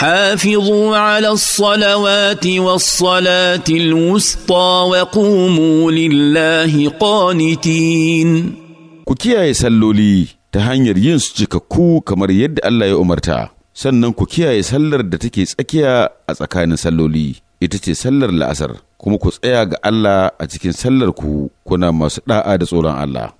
حافظوا على الصلوات والصلاه الوسطى وقوموا لله قانتين ku kiyaye salloli ta hanyar yin su cikakku kamar yadda Allah ya umarta sannan ku kiyaye sallar da take tsakiya a tsakanin salloli ita ce sallar la'asar kuma ku tsaya ga Allah a cikin sallar ku kuna masu ɗa'a da tsoron Allah